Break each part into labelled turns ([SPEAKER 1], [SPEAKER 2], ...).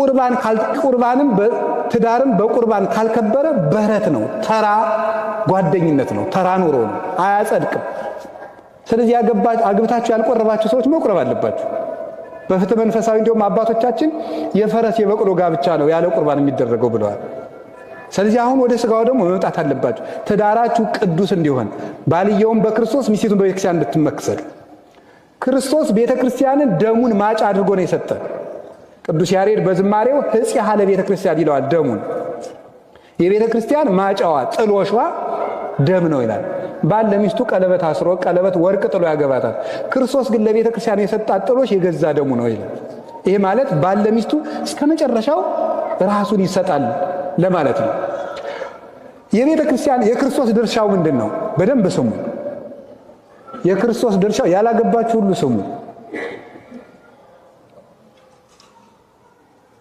[SPEAKER 1] ቁርባን ቁርባንም ትዳርም በቁርባን ካልከበረ በረት ነው፣ ተራ ጓደኝነት ነው፣ ተራ ኑሮ ነው፣ አያጸድቅም። ስለዚህ አግብታችሁ ያልቆረባችሁ ሰዎች መቁረብ አለባችሁ። በፍትህ መንፈሳዊ እንዲሁም አባቶቻችን የፈረስ የበቅሎ ጋብቻ ነው ያለ ቁርባን የሚደረገው ብለዋል። ስለዚህ አሁን ወደ ስጋው ደግሞ መምጣት አለባችሁ። ትዳራችሁ ቅዱስ እንዲሆን ባልየውም በክርስቶስ ሚስቱን በቤተክርስቲያን እንድትመክሰል ክርስቶስ ቤተክርስቲያንን ደሙን ማጫ አድርጎ ነው የሰጠ ቅዱስ ያሬድ በዝማሬው ህጽ ያህለ ቤተ ክርስቲያን ይለዋል። ደሙን የቤተ ክርስቲያን ማጫዋ ጥሎሿ ደም ነው ይላል። ባል ለሚስቱ ቀለበት አስሮ ቀለበት ወርቅ ጥሎ ያገባታል። ክርስቶስ ግን ለቤተ ክርስቲያን የሰጣት ጥሎሽ የገዛ ደሙ ነው ይላል። ይሄ ማለት ባል ለሚስቱ እስከ መጨረሻው ራሱን ይሰጣል ለማለት ነው። የቤተ ክርስቲያን የክርስቶስ ድርሻው ምንድን ነው? በደንብ ስሙ። የክርስቶስ ድርሻው ያላገባችሁ ሁሉ ስሙ።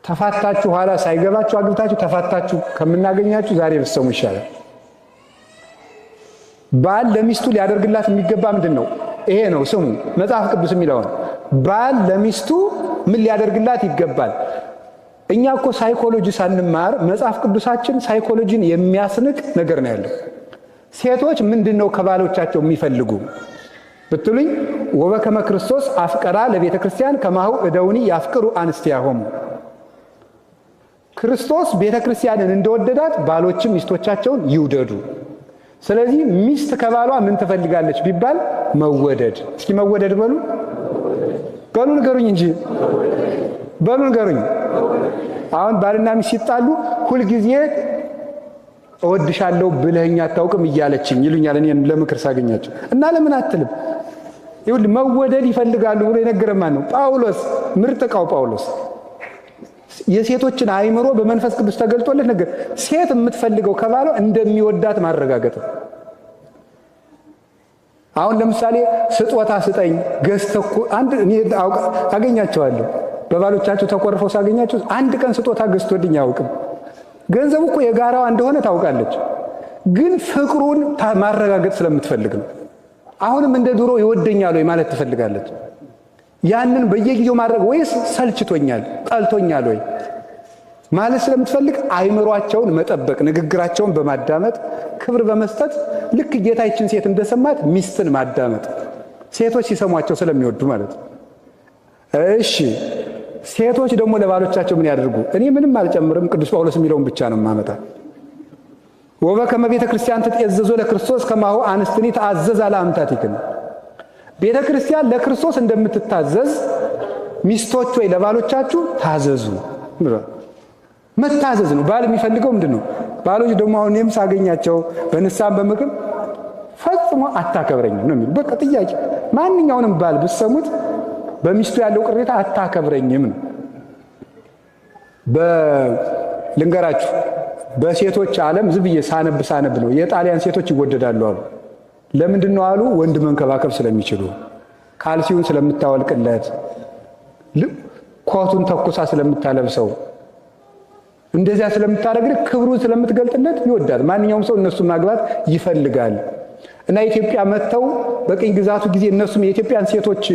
[SPEAKER 1] ተፋታችሁ ኋላ ሳይገባችሁ አግብታችሁ ተፋታችሁ ከምናገኛችሁ ዛሬ ብትሰሙ ይሻላል። ባል ለሚስቱ ሊያደርግላት የሚገባ ምንድን ነው? ይሄ ነው። ስሙ መጽሐፍ ቅዱስ የሚለውን ባል ለሚስቱ ምን ሊያደርግላት ይገባል? እኛ እኮ ሳይኮሎጂ ሳንማር መጽሐፍ ቅዱሳችን ሳይኮሎጂን የሚያስንቅ ነገር ነው ያለው። ሴቶች ምንድን ነው ከባሎቻቸው የሚፈልጉ ብትሉኝ፣ ወበከመ ክርስቶስ አፍቀራ ለቤተ ክርስቲያን ከማሁ እደውኒ ያፍቅሩ አንስቲያ ሆሙ ክርስቶስ ቤተ ክርስቲያንን እንደወደዳት ባሎችም ሚስቶቻቸውን ይውደዱ። ስለዚህ ሚስት ከባሏ ምን ትፈልጋለች ቢባል መወደድ። እስኪ መወደድ በሉ በሉ ንገሩኝ እንጂ በሉ ንገሩኝ። አሁን ባልና ሚስት ሲጣሉ ሁልጊዜ እወድሻለሁ ብለኸኝ አታውቅም እያለችኝ ይሉኛል። እኔን ለምክር ሳገኛቸው እና ለምን አትልም? ይሁን መወደድ ይፈልጋሉ ብሎ የነገረ ማን ነው? ጳውሎስ ምርጥ ጳውሎስ የሴቶችን አይምሮ በመንፈስ ቅዱስ ተገልጦለት ነገር ሴት የምትፈልገው ከባሏ እንደሚወዳት ማረጋገጥ ነው። አሁን ለምሳሌ ስጦታ ስጠኝ ገዝተኩ አንድ አገኛቸዋለሁ። በባሎቻቸው ተኮርፈው ሳገኛቸው አንድ ቀን ስጦታ ገዝቶልኝ አያውቅም። ገንዘቡ እኮ የጋራዋ እንደሆነ ታውቃለች፣ ግን ፍቅሩን ማረጋገጥ ስለምትፈልግ ነው። አሁንም እንደ ድሮ ይወደኛል ወይ ማለት ትፈልጋለች። ያንን በየጊዜው ማድረግ ወይስ ሰልችቶኛል፣ ጠልቶኛል ወይ ማለት ስለምትፈልግ አይምሯቸውን መጠበቅ፣ ንግግራቸውን በማዳመጥ ክብር በመስጠት ልክ ጌታችን ሴት እንደሰማት ሚስትን ማዳመጥ ሴቶች ሲሰሟቸው ስለሚወዱ ማለት ነው። እሺ ሴቶች ደግሞ ለባሎቻቸው ምን ያደርጉ? እኔ ምንም አልጨምርም። ቅዱስ ጳውሎስ የሚለውን ብቻ ነው ማመጣ ወበከመ ቤተ ክርስቲያን ትጤዘዞ ለክርስቶስ ከማሁ አንስትኒ ተአዘዛ ለአምታቲክን ቤተ ክርስቲያን ለክርስቶስ እንደምትታዘዝ ሚስቶች ወይ ለባሎቻችሁ ታዘዙ። መታዘዝ ነው። ባል የሚፈልገው ምንድን ነው? ባሎች ደግሞ አሁን እኔም ሳገኛቸው በንሳም በምግብ ፈጽሞ አታከብረኝም ነው የሚሉ። በቃ ጥያቄ ማንኛውንም ባል ብሰሙት በሚስቱ ያለው ቅሬታ አታከብረኝም ነው። በልንገራችሁ በሴቶች ዓለም ዝም ብዬ ሳነብ ሳነብ ነው የጣሊያን ሴቶች ይወደዳሉ አሉ። ለምንድን ነው አሉ? ወንድ መንከባከብ ስለሚችሉ፣ ካልሲውን ስለምታወልቅለት፣ ኮቱን ተኩሳ ስለምታለብሰው፣ እንደዚያ ስለምታደርግልህ፣ ክብሩን ስለምትገልጥለት ይወዳል። ማንኛውም ሰው እነሱን ማግባት ይፈልጋል። እና ኢትዮጵያ መጥተው በቅኝ ግዛቱ ጊዜ እነሱም የኢትዮጵያን ሴቶች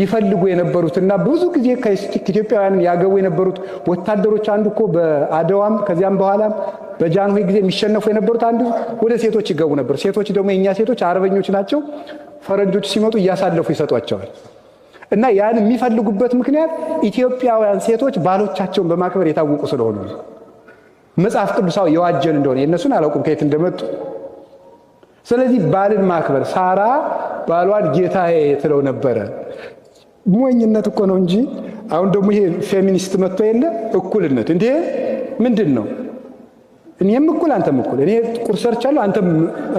[SPEAKER 1] ይፈልጉ የነበሩት እና ብዙ ጊዜ ከኢትዮጵያውያንን ያገቡ የነበሩት ወታደሮች አንዱ እኮ በአድዋም ከዚያም በኋላም በጃንሆይ ጊዜ የሚሸነፉ የነበሩት አንዱ ወደ ሴቶች ይገቡ ነበር። ሴቶች ደግሞ የእኛ ሴቶች አርበኞች ናቸው። ፈረንጆች ሲመጡ እያሳለፉ ይሰጧቸዋል። እና ያን የሚፈልጉበት ምክንያት ኢትዮጵያውያን ሴቶች ባሎቻቸውን በማክበር የታወቁ ስለሆኑ ነው። መጽሐፍ ቅዱሳዊ የዋጀን እንደሆነ የእነሱን አላውቁም ከየት እንደመጡ። ስለዚህ ባልን ማክበር ሳራ ባሏን ጌታዬ ትለው ነበረ። ሞኝነት እኮ ነው እንጂ አሁን ደግሞ ይሄ ፌሚኒስት መጥቶ የለ እኩልነት እንዲህ ምንድን ነው? እኔም እኩል አንተም እኩል። እኔ ቁርስ ሰርቻለሁ፣ አንተም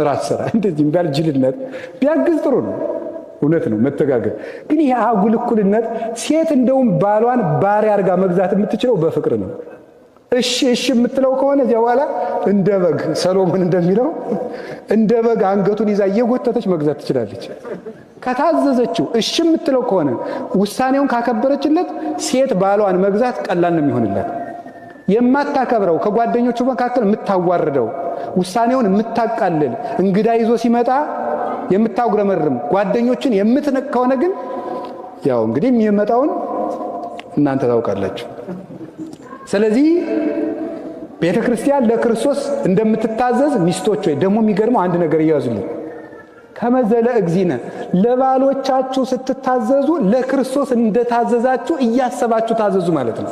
[SPEAKER 1] ራት ስራ። እንደዚህ ሚባል ጅልነት ቢያግዝ ጥሩ ነው። እውነት ነው መተጋገር ግን ይህ አጉል እኩልነት ሴት እንደውም ባሏን ባሪ አድርጋ መግዛት የምትችለው በፍቅር ነው። እሺ እሺ የምትለው ከሆነ እዚያ በኋላ እንደ በግ ሰሎሞን እንደሚለው እንደ በግ አንገቱን ይዛ እየጎተተች መግዛት ትችላለች። ከታዘዘችው እሺ የምትለው ከሆነ ውሳኔውን ካከበረችለት ሴት ባሏን መግዛት ቀላል ነው የሚሆንላት። የማታከብረው ከጓደኞቹ መካከል የምታዋርደው፣ ውሳኔውን የምታቃልል፣ እንግዳ ይዞ ሲመጣ የምታጉረመርም፣ ጓደኞችን የምትንቅ ከሆነ ግን ያው እንግዲህ የሚመጣውን እናንተ ታውቃላችሁ። ስለዚህ ቤተ ክርስቲያን ለክርስቶስ እንደምትታዘዝ ሚስቶች ወይ ደግሞ የሚገርመው አንድ ነገር እያዙልኝ ከመዘለ እግዚነ ለባሎቻችሁ ስትታዘዙ ለክርስቶስ እንደታዘዛችሁ እያሰባችሁ ታዘዙ ማለት ነው።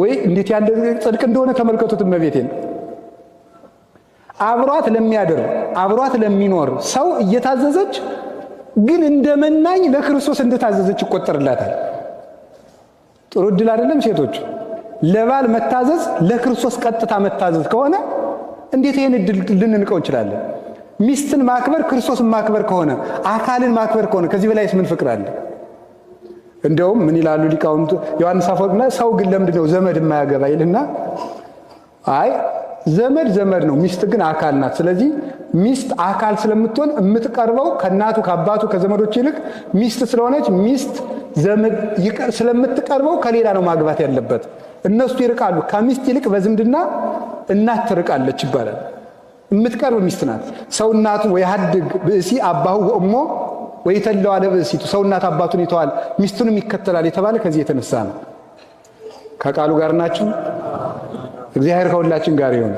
[SPEAKER 1] ወይ እንዴት ያለ ጽድቅ እንደሆነ ተመልከቱት። እመቤቴን አብሯት ለሚያድር አብሯት ለሚኖር ሰው እየታዘዘች ግን እንደ መናኝ ለክርስቶስ እንደታዘዘች ይቆጠርላታል። ጥሩ እድል አይደለም? ሴቶች ለባል መታዘዝ ለክርስቶስ ቀጥታ መታዘዝ ከሆነ እንዴት ይህን እድል ልንንቀው እንችላለን? ሚስትን ማክበር ክርስቶስን ማክበር ከሆነ አካልን ማክበር ከሆነ ከዚህ በላይስ ምን ፍቅር አለ? እንደውም ምን ይላሉ ሊቃውንቱ ዮሐንስ አፈወርቅና ሰው ግን ለምንድን ነው ዘመድ የማያገባ ይልና አይ ዘመድ ዘመድ ነው፣ ሚስት ግን አካል ናት። ስለዚህ ሚስት አካል ስለምትሆን የምትቀርበው ከእናቱ ከአባቱ ከዘመዶች ይልቅ ሚስት ስለሆነች ሚስት ዘመድ ስለምትቀርበው ከሌላ ነው ማግባት ያለበት። እነሱ ይርቃሉ። ከሚስት ይልቅ በዝምድና እናት ትርቃለች ይባላል። የምትቀርብ ሚስት ናት። ሰው እናቱ ወይ ሀድግ ብእሲ አባሁ ወእሞ ወይተለው አለብእሲቱ ሰው እናት አባቱን ይተዋል ሚስቱንም ይከተላል የተባለ ከዚህ የተነሳ ነው። ከቃሉ ጋር ናችሁ። እግዚአብሔር ከሁላችን ጋር ይሆን።